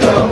Santo.